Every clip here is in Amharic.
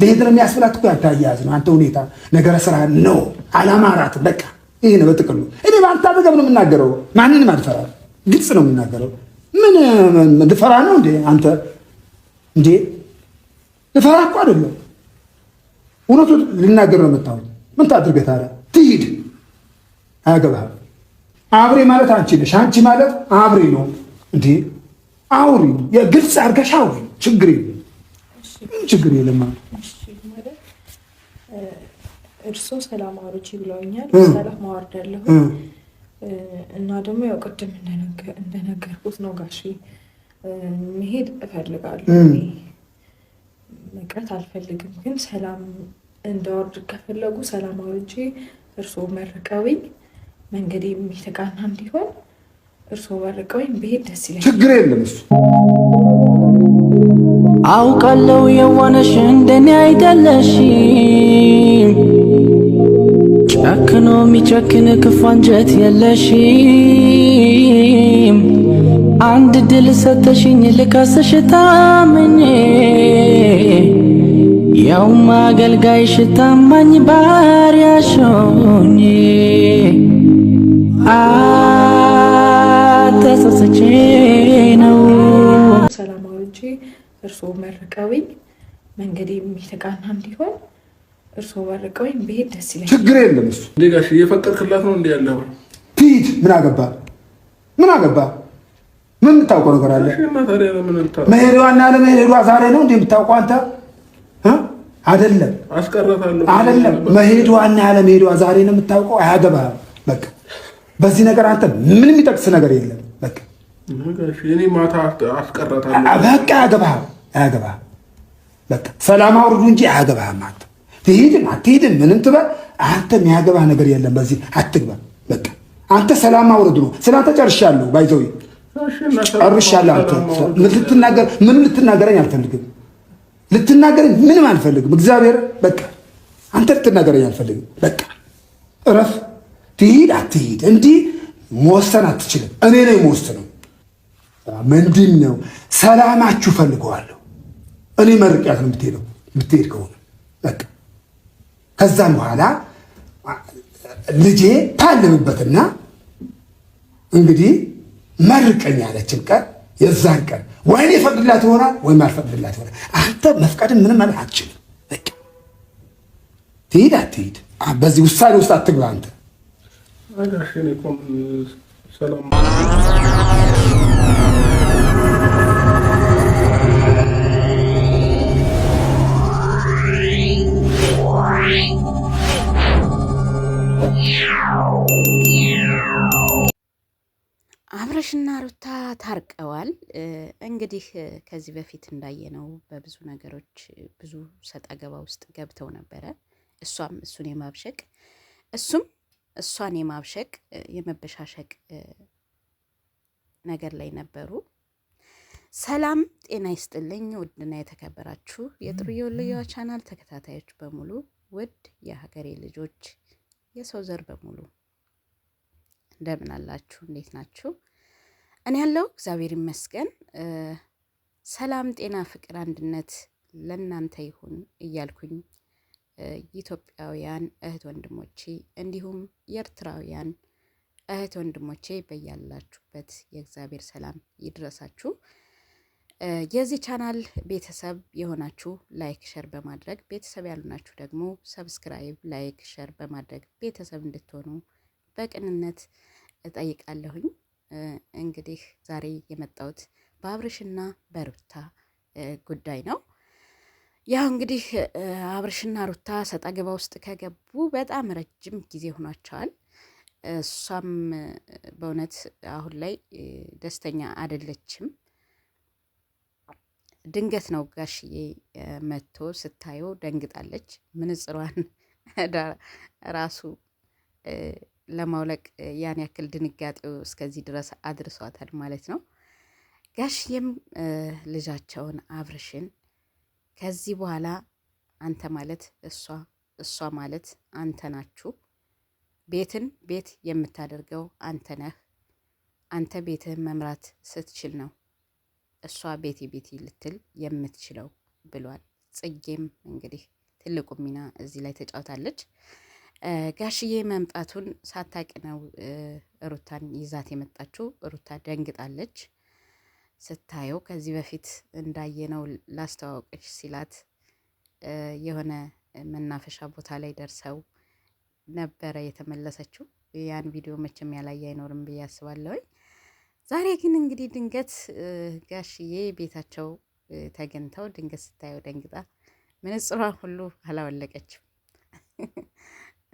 ለይህን ለሚያስብላት እኮ ያታያዝ ነው። አንተ ሁኔታ ነገረ ስራ ነው አላማራት። በቃ ይህ ነው በጥቅሉ። እኔ በአንተ አጠገብ ነው የምናገረው። ማንንም አልፈራ፣ ግልጽ ነው የምናገረው። ምን ልፈራ ነው እንዴ? አንተ እንዴ ልፈራ እኮ አይደለም። እውነቱ ልናገር ነው የምታወት። ምን ታድርገ ታዲያ? ትሂድ፣ አያገባህም። አብሬ ማለት አንቺ ነሽ፣ አንቺ ማለት አብሬ ነው። እንዴ አውሪ፣ የግልጽ አድርገሽ አውሪ፣ ችግር የለም ምን ችግር የለም። እርሶ ሰላም አውርጂ ብለውኛል። ሰላም አወርዳለሁ እና ደግሞ ያው ቅድም እንደነገርኩት ነው ጋሺ መሄድ እፈልጋለሁ። መቅረት አልፈልግም፣ ግን ሰላም እንዳወርድ ከፈለጉ ሰላም አውርጄ እርስዎ መርቀውኝ መንገድ የሚተቃና እንዲሆን እርስዎ መርቀውኝ ብሄድ ደስ ይለኛል። ችግር የለም እሱ አውቃለው የዋነሽ እንደኔ አይደለሽም። ጨክኖ ሚጨክን ክፉ አንጀት የለሽም። አንድ ድል ሰተሽኝ ልከስሽ ታምኜ ያውም አገልጋይሽ ታማኝ ባሪያሽ ሆኜ አተሰስቼ እርስዎ መርቀውኝ መንገድ የሚተቃና እንዲሆን እርስዎ መርቀውኝ ብሄድ ደስ ይለኛል። ችግር የለም እሱ እንደ ጋሽ እየፈቀድክላት ነው እንዲ ያለው ትሂድ። ምን አገባ ምን አገባ? ምን የምታውቀው ነገር አለ? መሄዷና ለመሄዷ ዛሬ ነው እንደ የምታውቀው አንተ አይደለም አይደለም። መሄዷና ያለመሄዷ ዛሬ ነው የምታውቀው። አያገባህም። በቃ በዚህ ነገር አንተ ምንም የሚጠቅስ ነገር የለም። በቃ በቃ አያገባህም፣ አያገባህም። በቃ ሰላም አውርዱ እንጂ አያገባህም። አንተ ትሄድም አትሄድም ምንም ትበል፣ አንተ የሚያገባህ ነገር የለም። በዚህ አትግባ። በቃ አንተ ሰላም አውርድ ነው። ስለአንተ ጨርሻለሁ። ባይዘዊ ጨርሻለሁ። አንተ ምን ልትናገር ምንም ልትናገረኝ አልፈልግም። ልትናገረኝ ምንም አልፈልግም። እግዚአብሔር በቃ አንተ ልትናገረኝ አልፈልግም። በቃ እረፍ። ትሂድ አትሂድ እንዲህ መወሰን አትችልም። እኔ ነው የምወስነው ምንድን ነው ሰላማችሁ ፈልገዋለሁ። እኔ መርቂያት ነው የምትሄደው የምትሄድ ከሆነ በቃ ከዛም በኋላ ልጄ ታለምበትና እንግዲህ መርቀኝ ያለችን ቀን የዛን ቀን ወይኔ ፈቅድላት ይሆናል ወይም አልፈቅድላት ይሆናል። አንተ መፍቀድን ምንም ማለት አትችልም። በቃ ትሂድ በዚህ ውሳኔ ውስጥ አትግባ አንተ አብረሽና ሩታ ታርቀዋል። እንግዲህ ከዚህ በፊት እንዳየነው በብዙ ነገሮች ብዙ ሰጣ ገባ ውስጥ ገብተው ነበረ። እሷም እሱን የማብሸቅ እሱም እሷን የማብሸቅ የመበሻሸቅ ነገር ላይ ነበሩ። ሰላም ጤና ይስጥልኝ። ውድና የተከበራችሁ የጥሩ ልዩዋ ቻናል ተከታታዮች በሙሉ ውድ የሀገሬ ልጆች የሰው ዘር በሙሉ እንደምን አላችሁ? እንዴት ናችሁ? እኔ ያለው እግዚአብሔር ይመስገን። ሰላም ጤና፣ ፍቅር፣ አንድነት ለእናንተ ይሁን እያልኩኝ ኢትዮጵያውያን እህት ወንድሞቼ እንዲሁም የኤርትራውያን እህት ወንድሞቼ በያላችሁበት የእግዚአብሔር ሰላም ይድረሳችሁ። የዚህ ቻናል ቤተሰብ የሆናችሁ ላይክ ሸር በማድረግ ቤተሰብ ያሉናችሁ ደግሞ ሰብስክራይብ፣ ላይክ ሸር በማድረግ ቤተሰብ እንድትሆኑ በቅንነት እጠይቃለሁኝ። እንግዲህ ዛሬ የመጣሁት በአብርሽና በሩታ ጉዳይ ነው። ያው እንግዲህ አብርሽና ሩታ ሰጣ ገባ ውስጥ ከገቡ በጣም ረጅም ጊዜ ሆኗቸዋል። እሷም በእውነት አሁን ላይ ደስተኛ አይደለችም። ድንገት ነው ጋሽዬ መጥቶ ስታየው ደንግጣለች። ምንጽሯን ራሱ ለማውለቅ ያን ያክል ድንጋጤው እስከዚህ ድረስ አድርሷታል ማለት ነው። ጋሽዬም ልጃቸውን አብርሽን ከዚህ በኋላ አንተ ማለት እሷ፣ እሷ ማለት አንተ ናችሁ ቤትን ቤት የምታደርገው አንተ ነህ። አንተ ቤትህን መምራት ስትችል ነው እሷ ቤቴ ቤቴ ልትል የምትችለው ብሏል። ጽጌም እንግዲህ ትልቁ ሚና እዚህ ላይ ተጫውታለች። ጋሽዬ መምጣቱን ሳታቅ ነው ሩታን ይዛት የመጣችው። ሩታ ደንግጣለች ስታየው። ከዚህ በፊት እንዳየነው ላስተዋወቀች ሲላት የሆነ መናፈሻ ቦታ ላይ ደርሰው ነበረ የተመለሰችው። ያን ቪዲዮ መቼም ያላየ አይኖርም ብዬ አስባለሁኝ። ዛሬ ግን እንግዲህ ድንገት ጋሽዬ ቤታቸው ተገኝተው ድንገት ስታየው ደንግጣ ምንጽሯ ሁሉ አላወለቀችም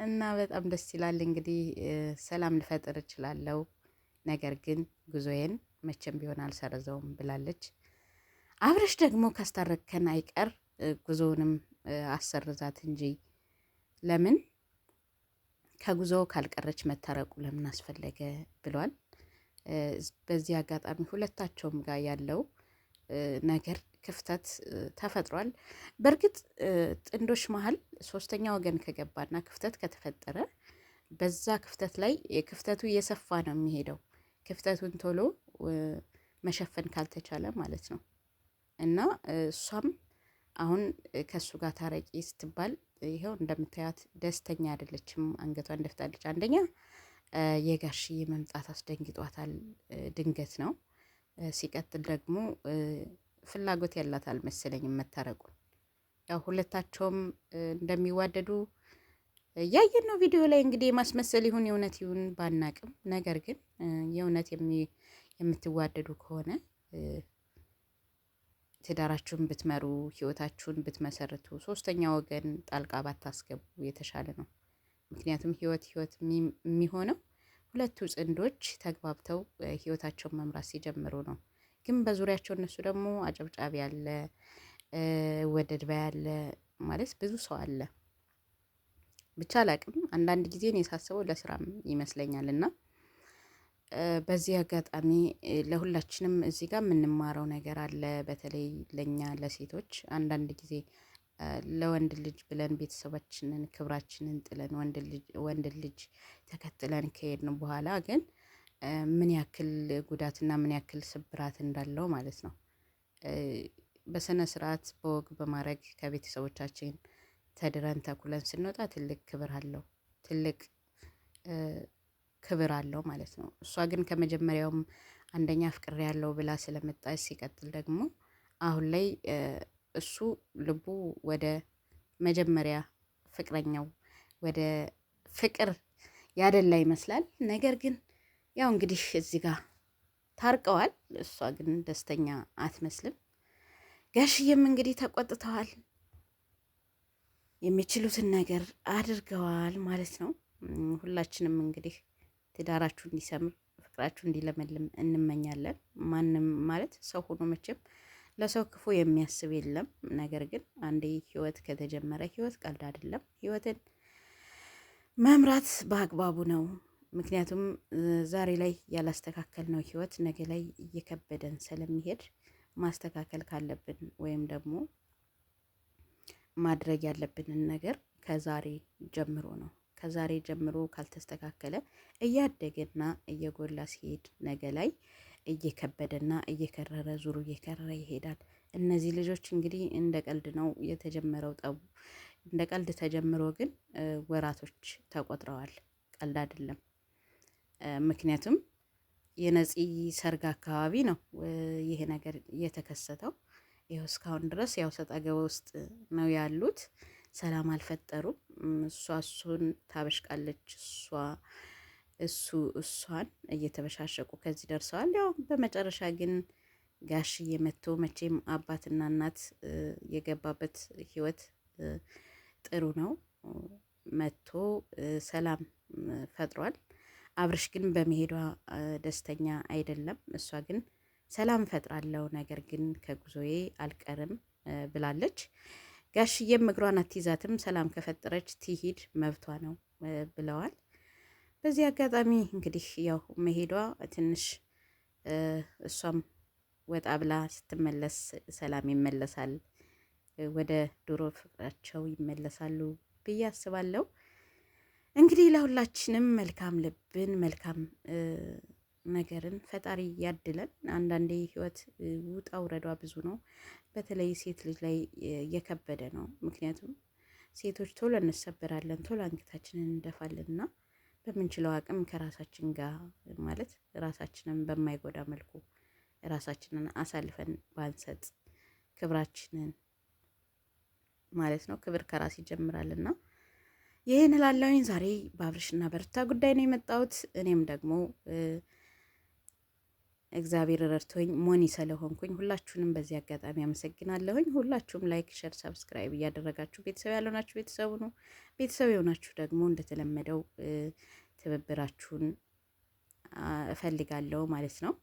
እና በጣም ደስ ይላል። እንግዲህ ሰላም ልፈጥር እችላለሁ፣ ነገር ግን ጉዞዬን መቼም ቢሆን አልሰረዘውም ብላለች። አብረሽ ደግሞ ካስታረከን አይቀር ጉዞውንም አሰርዛት እንጂ ለምን ከጉዞ ካልቀረች መታረቁ ለምን አስፈለገ ብሏል። በዚህ አጋጣሚ ሁለታቸውም ጋር ያለው ነገር ክፍተት ተፈጥሯል። በእርግጥ ጥንዶች መሀል ሶስተኛ ወገን ከገባና ክፍተት ከተፈጠረ በዛ ክፍተት ላይ ክፍተቱ እየሰፋ ነው የሚሄደው። ክፍተቱን ቶሎ መሸፈን ካልተቻለ ማለት ነው እና እሷም አሁን ከእሱ ጋር ታረቂ ስትባል ይኸው እንደምታያት ደስተኛ አይደለችም። አንገቷን ደፍታለች። አንደኛ የጋሽዬ መምጣት አስደንግጧታል። ድንገት ነው። ሲቀጥል ደግሞ ፍላጎት ያላት አልመሰለኝም መታረቁን። ያው ሁለታቸውም እንደሚዋደዱ ያየን ነው ቪዲዮ ላይ እንግዲህ የማስመሰል ይሁን የእውነት ይሁን ባናቅም፣ ነገር ግን የእውነት የምትዋደዱ ከሆነ ትዳራችሁን ብትመሩ ህይወታችሁን ብትመሰርቱ ሶስተኛ ወገን ጣልቃ ባታስገቡ የተሻለ ነው። ምክንያቱም ህይወት ህይወት የሚሆነው ሁለቱ ጽንዶች ተግባብተው ህይወታቸውን መምራት ሲጀምሩ ነው። ግን በዙሪያቸው እነሱ ደግሞ አጨብጫቢ ያለ ወደድባ ያለ ማለት ብዙ ሰው አለ። ብቻ አላቅም። አንዳንድ ጊዜ እኔ ሳስበው ለስራም ይመስለኛል እና በዚህ አጋጣሚ ለሁላችንም እዚህ ጋር የምንማረው ነገር አለ። በተለይ ለእኛ ለሴቶች አንዳንድ ጊዜ ለወንድ ልጅ ብለን ቤተሰባችንን ክብራችንን ጥለን ወንድ ልጅ ተከትለን ከሄድን በኋላ ግን ምን ያክል ጉዳትና ምን ያክል ስብራት እንዳለው ማለት ነው። በስነ ስርዓት በወግ በማድረግ ከቤተሰቦቻችን ተድረን ተኩለን ስንወጣ ትልቅ ክብር አለው ትልቅ ክብር አለው ማለት ነው። እሷ ግን ከመጀመሪያውም አንደኛ ፍቅር ያለው ብላ ስለመጣች፣ ሲቀጥል ደግሞ አሁን ላይ እሱ ልቡ ወደ መጀመሪያ ፍቅረኛው ወደ ፍቅር ያደላ ይመስላል። ነገር ግን ያው እንግዲህ እዚህ ጋር ታርቀዋል። እሷ ግን ደስተኛ አትመስልም። ጋሽዬም እንግዲህ ተቆጥተዋል። የሚችሉትን ነገር አድርገዋል ማለት ነው። ሁላችንም እንግዲህ ትዳራችሁ እንዲሰምር ፍቅራችሁ እንዲለመልም እንመኛለን። ማንም ማለት ሰው ሆኖ መቼም ለሰው ክፉ የሚያስብ የለም። ነገር ግን አንዴ ህይወት ከተጀመረ ህይወት ቀልድ አይደለም። ህይወትን መምራት በአግባቡ ነው። ምክንያቱም ዛሬ ላይ ያላስተካከል ነው ህይወት ነገ ላይ እየከበደን ስለሚሄድ ማስተካከል ካለብን ወይም ደግሞ ማድረግ ያለብንን ነገር ከዛሬ ጀምሮ ነው ከዛሬ ጀምሮ ካልተስተካከለ እያደገና እየጎላ ሲሄድ ነገ ላይ እየከበደና እየከረረ ዙሩ እየከረረ ይሄዳል። እነዚህ ልጆች እንግዲህ እንደ ቀልድ ነው የተጀመረው ጠቡ። እንደ ቀልድ ተጀምሮ ግን ወራቶች ተቆጥረዋል። ቀልድ አይደለም። ምክንያቱም የነፂ ሰርግ አካባቢ ነው ይሄ ነገር የተከሰተው። ይኸው እስካሁን ድረስ ያው ሰጣገባ ውስጥ ነው ያሉት። ሰላም አልፈጠሩም። እሷ እሱን ታበሽቃለች፣ እሷ እሱ እሷን እየተበሻሸቁ ከዚህ ደርሰዋል። ያው በመጨረሻ ግን ጋሽ መጥቶ መቼም አባትና እናት የገባበት ህይወት ጥሩ ነው። መጥቶ ሰላም ፈጥሯል። አብርሽ ግን በመሄዷ ደስተኛ አይደለም። እሷ ግን ሰላም ፈጥራለው፣ ነገር ግን ከጉዞዬ አልቀርም ብላለች። ጋሽዬም እግሯን አትይዛትም፣ ሰላም ከፈጠረች ትሂድ መብቷ ነው ብለዋል። በዚህ አጋጣሚ እንግዲህ ያው መሄዷ ትንሽ እሷም ወጣ ብላ ስትመለስ ሰላም ይመለሳል፣ ወደ ድሮ ፍቅራቸው ይመለሳሉ ብዬ አስባለሁ። እንግዲህ ለሁላችንም መልካም ልብን መልካም ነገርን ፈጣሪ ያድለን። አንዳንዴ ህይወት ውጣ ውረዷ ብዙ ነው። በተለይ ሴት ልጅ ላይ የከበደ ነው። ምክንያቱም ሴቶች ቶሎ እንሰበራለን፣ ቶሎ አንገታችንን እንደፋለን እና በምንችለው አቅም ከራሳችን ጋር ማለት ራሳችንን በማይጎዳ መልኩ ራሳችንን አሳልፈን ባንሰጥ ክብራችንን ማለት ነው። ክብር ከራስ ይጀምራል እና ይህን እላለሁኝ። ዛሬ በአብርሽና በርታ ጉዳይ ነው የመጣሁት እኔም ደግሞ እግዚአብሔር ረድቶኝ ሞኒ ስለሆንኩኝ ሁላችሁንም በዚህ አጋጣሚ አመሰግናለሁኝ። ሁላችሁም ላይክ፣ ሸር፣ ሰብስክራይብ እያደረጋችሁ ቤተሰብ ያልሆናችሁ ቤተሰቡ ነው። ቤተሰብ የሆናችሁ ደግሞ እንደተለመደው ትብብራችሁን እፈልጋለሁ ማለት ነው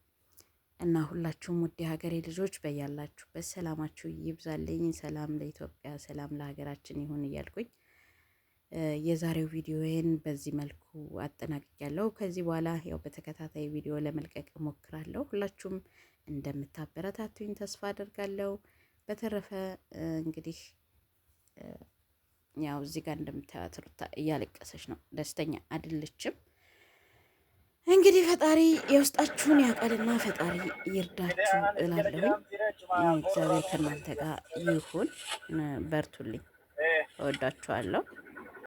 እና ሁላችሁም ውድ ሀገሬ ልጆች በያላችሁበት ሰላማችሁ ይብዛልኝ። ሰላም ለኢትዮጵያ፣ ሰላም ለሀገራችን ይሁን እያልኩኝ የዛሬው ቪዲዮዬን በዚህ መልኩ አጠናቅቄያለሁ። ከዚህ በኋላ ያው በተከታታይ ቪዲዮ ለመልቀቅ እሞክራለሁ። ሁላችሁም እንደምታበረታቱኝ ተስፋ አደርጋለሁ። በተረፈ እንግዲህ ያው እዚህ ጋር እንደምታያት ሩታ እያለቀሰች ነው፣ ደስተኛ አይደለችም። እንግዲህ ፈጣሪ የውስጣችሁን ያውቃልና ፈጣሪ ይርዳችሁ እላለሁ። እግዚአብሔር ከእናንተ ጋር ይሁን። በርቱልኝ። እወዳችኋለሁ።